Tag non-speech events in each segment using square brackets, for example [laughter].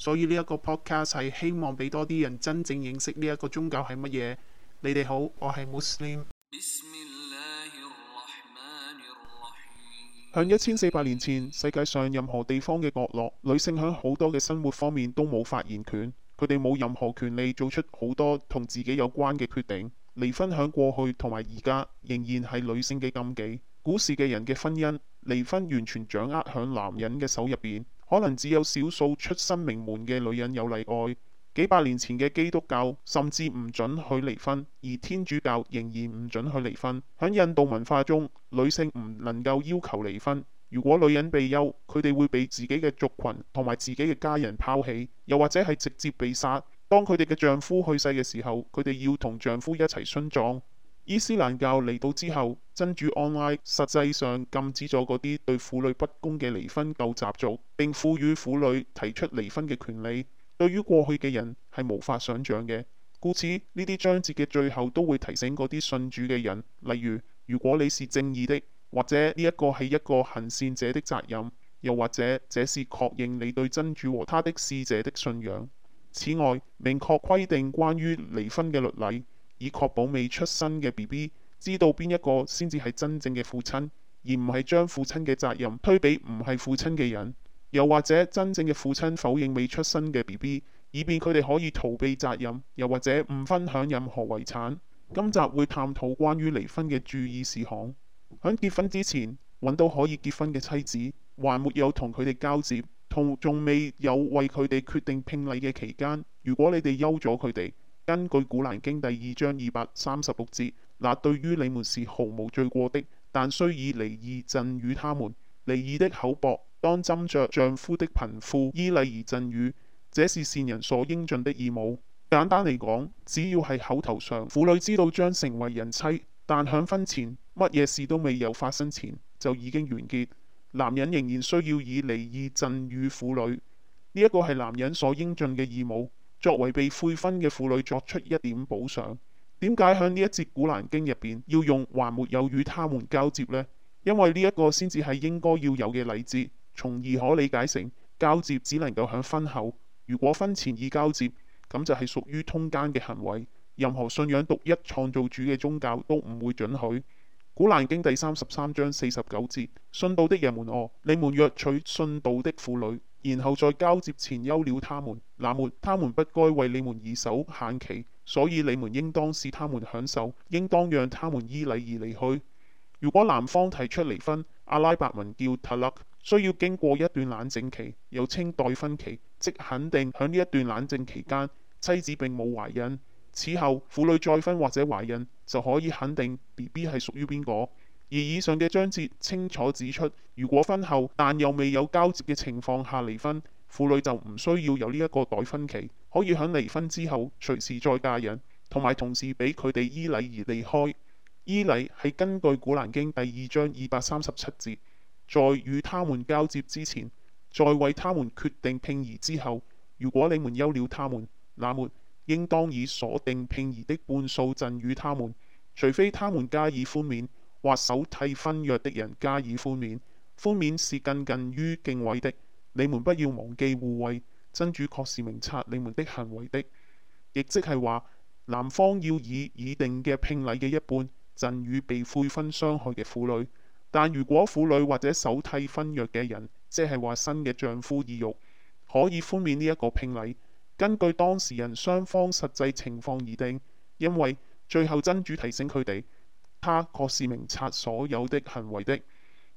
所以呢一個 podcast 係希望俾多啲人真正認識呢一個宗教係乜嘢。你哋好，我係穆斯林。向一千四百年前，世界上任何地方嘅角落，女性響好多嘅生活方面都冇發言權，佢哋冇任何權利做出好多同自己有關嘅決定。離婚響過去同埋而家仍然係女性嘅禁忌。古時嘅人嘅婚姻，離婚完全掌握響男人嘅手入邊。可能只有少數出身名門嘅女人有例外。幾百年前嘅基督教甚至唔准佢離婚，而天主教仍然唔准佢離婚。響印度文化中，女性唔能夠要求離婚。如果女人被休，佢哋會被自己嘅族群同埋自己嘅家人拋棄，又或者係直接被殺。當佢哋嘅丈夫去世嘅時候，佢哋要同丈夫一齊殉葬。伊斯蘭教嚟到之後，真主安拉實際上禁止咗嗰啲對婦女不公嘅離婚舊習俗，並賦予婦女提出離婚嘅權利。對於過去嘅人係無法想象嘅，故此呢啲章節嘅最後都會提醒嗰啲信主嘅人，例如如果你是正義的，或者呢一個係一個行善者的責任，又或者這是確認你對真主和他的使者的信仰。此外，明確規定關於離婚嘅律例。以確保未出生嘅 B B 知道邊一個先至係真正嘅父親，而唔係將父親嘅責任推俾唔係父親嘅人，又或者真正嘅父親否認未出生嘅 B B，以便佢哋可以逃避責任，又或者唔分享任何遺產。今集會探討關於離婚嘅注意事項。響結婚之前揾到可以結婚嘅妻子，還沒有同佢哋交接，同仲未有為佢哋決定聘禮嘅期間，如果你哋休咗佢哋。根據《古蘭經》第二章二百三十六節，那對於你們是毫無罪過的，但須以離異贈與他們。離異的厚薄，當斟酌丈夫的貧富，依例而贈與。這是善人所應盡的義務。簡單嚟講，只要係口頭上，婦女知道將成為人妻，但響婚前，乜嘢事都未有發生前就已經完結。男人仍然需要以離異贈與婦女，呢一個係男人所應盡嘅義務。作為被悔婚嘅婦女作出一點補償，點解喺呢一節古蘭經入邊要用還沒有與他們交接呢？因為呢一個先至係應該要有嘅禮節，從而可理解成交接只能夠喺婚後。如果婚前已交接，咁就係屬於通奸嘅行為。任何信仰獨一創造主嘅宗教都唔會准許。古蘭經第三十三章四十九節：信道的人們哦，你們若娶信道的婦女，然後在交接前休了他們。那麼，他們不該為你們而守限期，所以你們應當使他們享受，應當讓他們依禮而離去。如果男方提出離婚，阿拉伯文叫塔勒，需要經過一段冷靜期，又稱待婚期，即肯定響呢一段冷靜期間，妻子並冇懷孕。此後婦女再婚或者懷孕，就可以肯定 B B 係屬於邊個。而以上嘅章節清楚指出，如果婚後但又未有交接嘅情況下離婚。婦女就唔需要有呢一個待婚期，可以喺離婚之後隨時再嫁人，同埋同時俾佢哋依禮而離開。依禮係根據《古蘭經》第二章二百三十七節，在與他們交接之前，在為他們決定聘儀之後，如果你們休了他們，那末應當以鎖定聘儀的半數贈與他們，除非他們加以寬免或手替婚約的人加以寬免。寬免是更近於敬畏的。你們不要忘記護衛，真主確是明察你們的行為的。亦即係話男方要以已定嘅聘禮嘅一半贈與被悔婚傷害嘅婦女，但如果婦女或者首替婚約嘅人，即係話新嘅丈夫意欲，可以寬免呢一個聘禮，根據當事人雙方實際情況而定，因為最後真主提醒佢哋，他確是明察所有的行為的。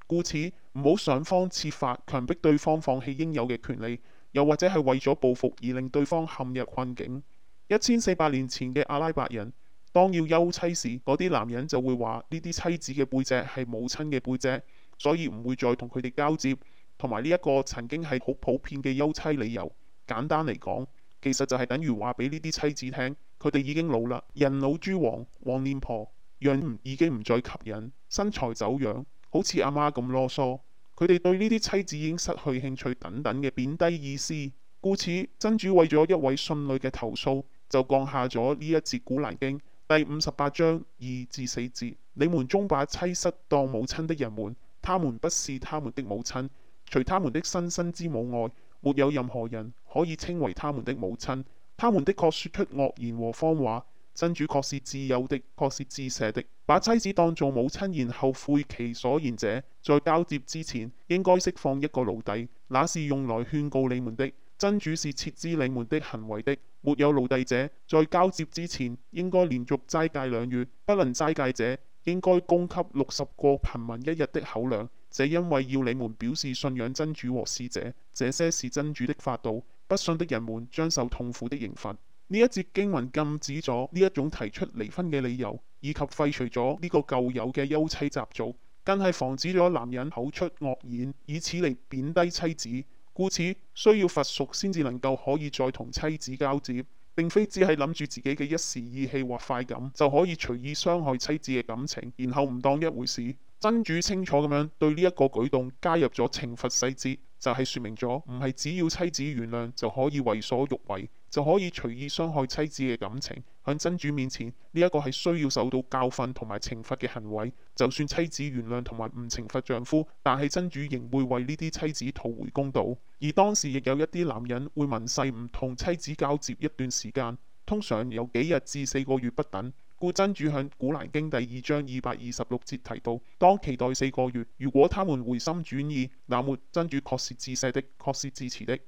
故此唔好想方設法強迫對方放棄應有嘅權利，又或者係為咗報復而令對方陷入困境。一千四百年前嘅阿拉伯人，當要休妻時，嗰啲男人就會話：呢啲妻子嘅背脊係母親嘅背脊，所以唔會再同佢哋交接。同埋呢一個曾經係好普遍嘅休妻理由，簡單嚟講，其實就係等於話俾呢啲妻子聽，佢哋已經老啦，人老珠黃，黃臉婆，樣已經唔再吸引，身材走樣。好似阿媽咁囉嗦，佢哋對呢啲妻子已經失去興趣，等等嘅貶低意思，故此真主為咗一位信女嘅投訴，就降下咗呢一節古蘭經第五十八章二至四節： [noise] 你們中把妻室當母親的人們，他們不是他們的母親，除他們的親身，身之母外，沒有任何人可以稱為他們的母親。他們的確說出惡言和謊話。真主確是自有的，確是自赦的。把妻子當做母親，然後悔其所言者，在交接之前應該釋放一個奴隸，那是用來勸告你們的。真主是徹知你們的行為的。沒有奴隸者，在交接之前應該連續齋戒兩月，不能齋戒者，應該供給六十個貧民一日的口糧。這因為要你們表示信仰真主和使者。這些是真主的法度，不信的人們將受痛苦的刑罰。呢一節經文禁止咗呢一種提出離婚嘅理由，以及廢除咗呢個舊有嘅休妻習俗，更係防止咗男人口出惡言，以此嚟貶低妻子。故此需要罰贖，先至能夠可以再同妻子交接，並非只係諗住自己嘅一時意氣或快感就可以隨意傷害妻子嘅感情，然後唔當一回事。真主清楚咁樣對呢一個舉動加入咗懲罰細節，就係、是、說明咗唔係只要妻子原諒就可以為所欲為。就可以隨意傷害妻子嘅感情，喺真主面前呢一個係需要受到教訓同埋懲罰嘅行為。就算妻子原諒同埋唔懲罰丈夫，但係真主仍會為呢啲妻子討回公道。而當時亦有一啲男人會盟誓唔同妻子交接一段時間，通常有幾日至四個月不等。故真主喺《古蘭經》第二章二百二十六節提到：當期待四個月，如果他們回心轉意，那末真主確是至赦的，確是至慈的。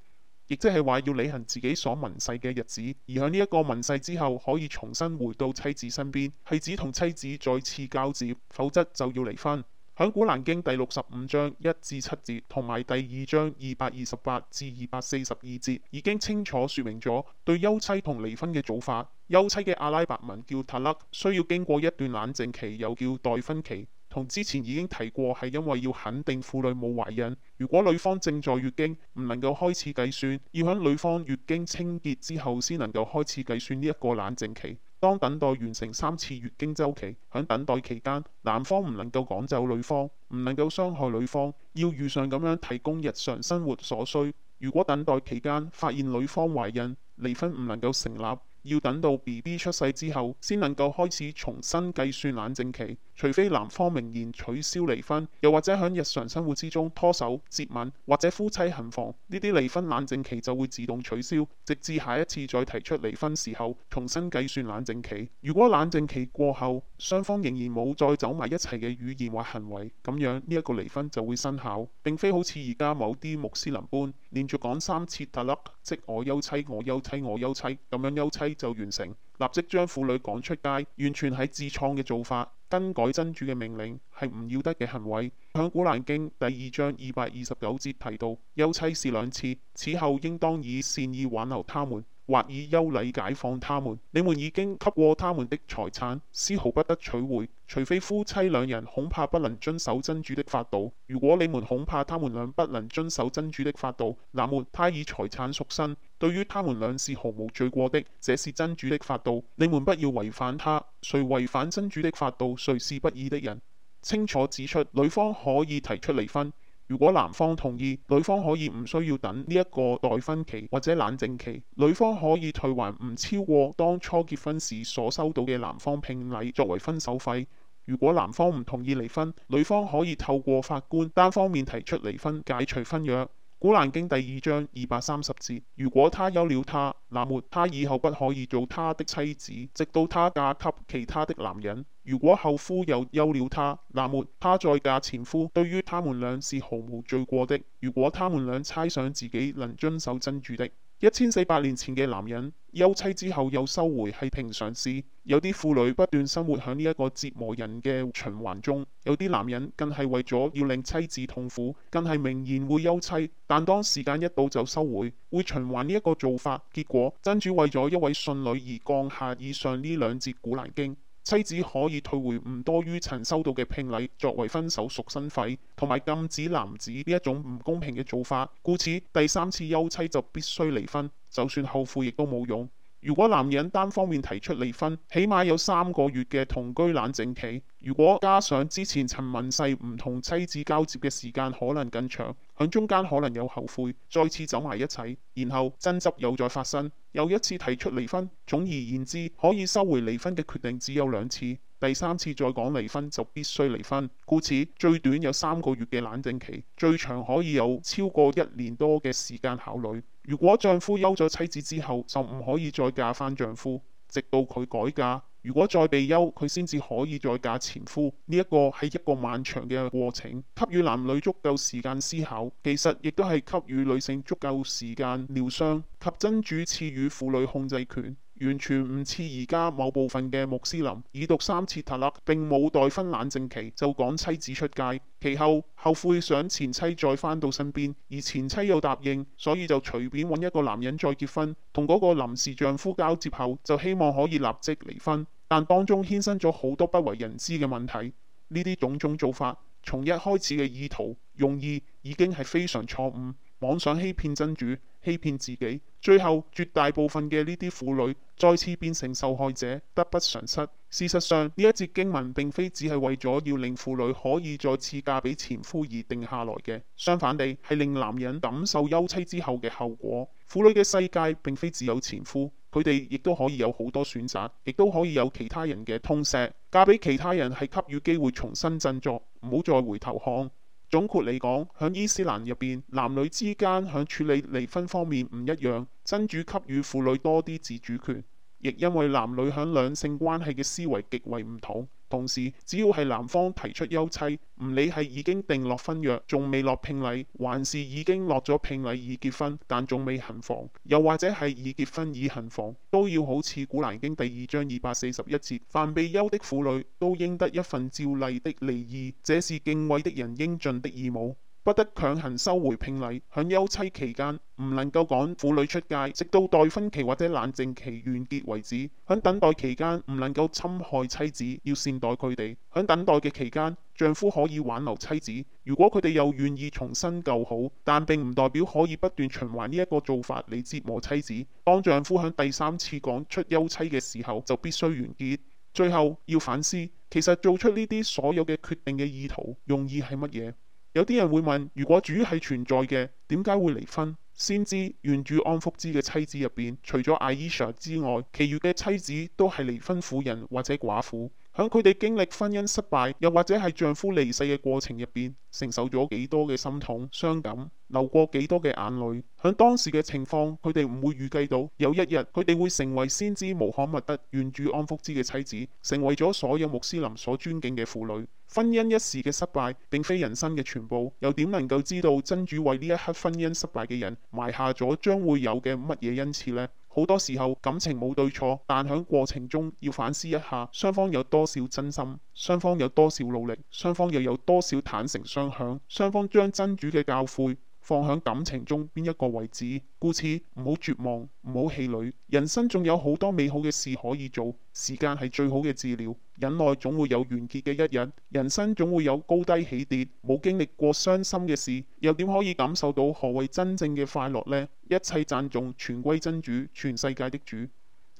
亦即係話要履行自己所民世嘅日子，而喺呢一個民世之後可以重新回到妻子身邊，係指同妻子再次交接，否則就要離婚。響古蘭經第六十五章一至七節，同埋第二章二百二十八至二百四十二節已經清楚說明咗對休妻同離婚嘅做法。休妻嘅阿拉伯文叫塔勒，需要經過一段冷靜期，又叫待婚期。同之前已經提過，係因為要肯定婦女冇懷孕。如果女方正在月經，唔能夠開始計算，要喺女方月經清潔之後，先能夠開始計算呢一個冷靜期。當等待完成三次月經週期，喺等待期間，男方唔能夠趕走女方，唔能夠傷害女方，要如常咁樣提供日常生活所需。如果等待期間發現女方懷孕，離婚唔能夠成立。要等到 BB 出世之後，先能夠開始重新計算冷靜期。除非男方明言取消離婚，又或者喺日常生活之中拖手、接吻或者夫妻行房，呢啲離婚冷靜期就會自動取消，直至下一次再提出離婚時候重新計算冷靜期。如果冷靜期過後，雙方仍然冇再走埋一齊嘅語言或行為，咁樣呢一個離婚就會生效。並非好似而家某啲穆斯林般，連續講三次特勒，即我休妻，我休妻，我休妻，咁樣休妻。就完成，立即將婦女趕出街，完全係自創嘅做法，更改真主嘅命令，係唔要得嘅行為。響古蘭經第二章二百二十九節提到，休妻是兩次，此後應當以善意挽留他們。或以優禮解放他們，你們已經給過他們的財產，絲毫不得取回，除非夫妻兩人恐怕不能遵守真主的法度。如果你們恐怕他們兩不能遵守真主的法度，那麼他以財產贖身，對於他們兩是毫無罪過的。這是真主的法度，你們不要違反他。誰違反真主的法度，誰是不義的人。清楚指出，女方可以提出離婚。如果男方同意，女方可以唔需要等呢一個待婚期或者冷靜期，女方可以退還唔超過當初結婚時所收到嘅男方聘禮作為分手費。如果男方唔同意離婚，女方可以透過法官單方面提出離婚，解除婚約。《古蘭經》第二章二百三十字，如果他休了她，那末他以後不可以做他的妻子，直到他嫁給其他的男人。如果後夫又休了她，那末她再嫁前夫，對於他們倆是毫無罪過的。如果他們倆猜想自己能遵守真主的。一千四百年前嘅男人休妻之後又收回係平常事，有啲婦女不斷生活響呢一個折磨人嘅循環中，有啲男人更係為咗要令妻子痛苦，更係明言會休妻，但當時間一到就收回，會循環呢一個做法。結果真主為咗一位信女而降下以上呢兩節古蘭經。妻子可以退回唔多於曾收到嘅聘禮，作為分手贖身費，同埋禁止男子呢一種唔公平嘅做法。故此，第三次休妻就必須離婚，就算後悔亦都冇用。如果男人單方面提出離婚，起碼有三個月嘅同居冷靜期。如果加上之前曾宣誓唔同妻子交接嘅時間可能更長。喺中間可能有後悔，再次走埋一齊，然後爭執又再發生，又一次提出離婚。總而言之，可以收回離婚嘅決定只有兩次，第三次再講離婚就必須離婚。故此，最短有三個月嘅冷靜期，最長可以有超過一年多嘅時間考慮。如果丈夫休咗妻子之後，就唔可以再嫁翻丈夫，直到佢改嫁。如果再被休，佢先至可以再嫁前夫。呢一個係一個漫長嘅過程，給予男女足夠時間思考，其實亦都係給予女性足夠時間療傷，及真主賜予婦女控制權。完全唔似而家某部分嘅穆斯林，已讀三次塔勒，並冇待婚冷靜期就趕妻子出街，其後後悔想前妻再返到身邊，而前妻又答應，所以就隨便揾一個男人再結婚，同嗰個臨時丈夫交接後，就希望可以立即離婚，但當中衍生咗好多不為人知嘅問題，呢啲種種做法，從一開始嘅意圖用意已經係非常錯誤。妄想欺騙真主，欺騙自己，最後絕大部分嘅呢啲婦女再次變成受害者，得不償失。事實上，呢一節經文並非只係為咗要令婦女可以再次嫁俾前夫而定下來嘅，相反地，係令男人感受休妻之後嘅後果。婦女嘅世界並非只有前夫，佢哋亦都可以有好多選擇，亦都可以有其他人嘅痛錫。嫁俾其他人係給予機會重新振作，唔好再回頭看。總括嚟講，響伊斯蘭入邊，男女之間響處理離婚方面唔一樣，真主給予婦女多啲自主權，亦因為男女響兩性關係嘅思維極為唔同。同時，只要係男方提出休妻，唔理係已經定落婚約，仲未落聘禮，還是已經落咗聘禮已結婚，但仲未行房，又或者係已結婚已行房，都要好似《古蘭經》第二章二百四十一節，凡被休的婦女都應得一份照例的離儀，這是敬畏的人應盡的義務。不得強行收回聘禮，響休妻期間唔能夠趕婦女出街，直到待婚期或者冷靜期完結為止。響等待期間唔能夠侵害妻子，要善待佢哋。響等待嘅期間，丈夫可以挽留妻子。如果佢哋又願意重新舊好，但並唔代表可以不斷循環呢一個做法嚟，折磨妻子。當丈夫響第三次講出休妻嘅時候，就必須完結。最後要反思，其實做出呢啲所有嘅決定嘅意圖用意係乜嘢？有啲人會問：如果主係存在嘅，點解會離婚？先知願主安福之嘅妻子入邊，除咗阿伊莎之外，其餘嘅妻子都係離婚婦人或者寡婦。響佢哋經歷婚姻失敗，又或者係丈夫離世嘅過程入邊，承受咗幾多嘅心痛、傷感，流過幾多嘅眼淚。喺當時嘅情況，佢哋唔會預計到有一日，佢哋會成為先知穆罕默德、願主安福之嘅妻子，成為咗所有穆斯林所尊敬嘅婦女。婚姻一時嘅失敗並非人生嘅全部，又點能夠知道真主為呢一刻婚姻失敗嘅人埋下咗將會有嘅乜嘢恩賜呢？好多時候感情冇對錯，但喺過程中要反思一下，雙方有多少真心，雙方有多少努力，雙方又有多少坦誠相向，雙方將真主嘅教誨放喺感情中邊一個位置？故此唔好絕望，唔好氣餒。人生仲有好多美好嘅事可以做，時間係最好嘅治療。忍耐總會有完結嘅一日，人生總會有高低起跌。冇經歷過傷心嘅事，又點可以感受到何謂真正嘅快樂呢？一切讚頌全歸真主，全世界的主。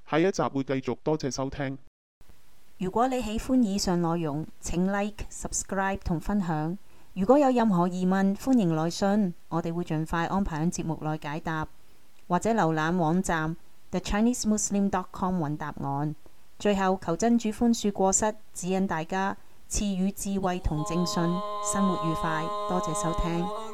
下一集會繼續，多謝收聽。如果你喜歡以上內容，請 Like、Subscribe 同分享。如果有任何疑問，歡迎來信，我哋會盡快安排喺節目內解答，或者瀏覽網站 TheChineseMuslim.com 揾答案。最後，求真主寬恕過失，指引大家，賜予智慧同正信，生活愉快。多謝收聽。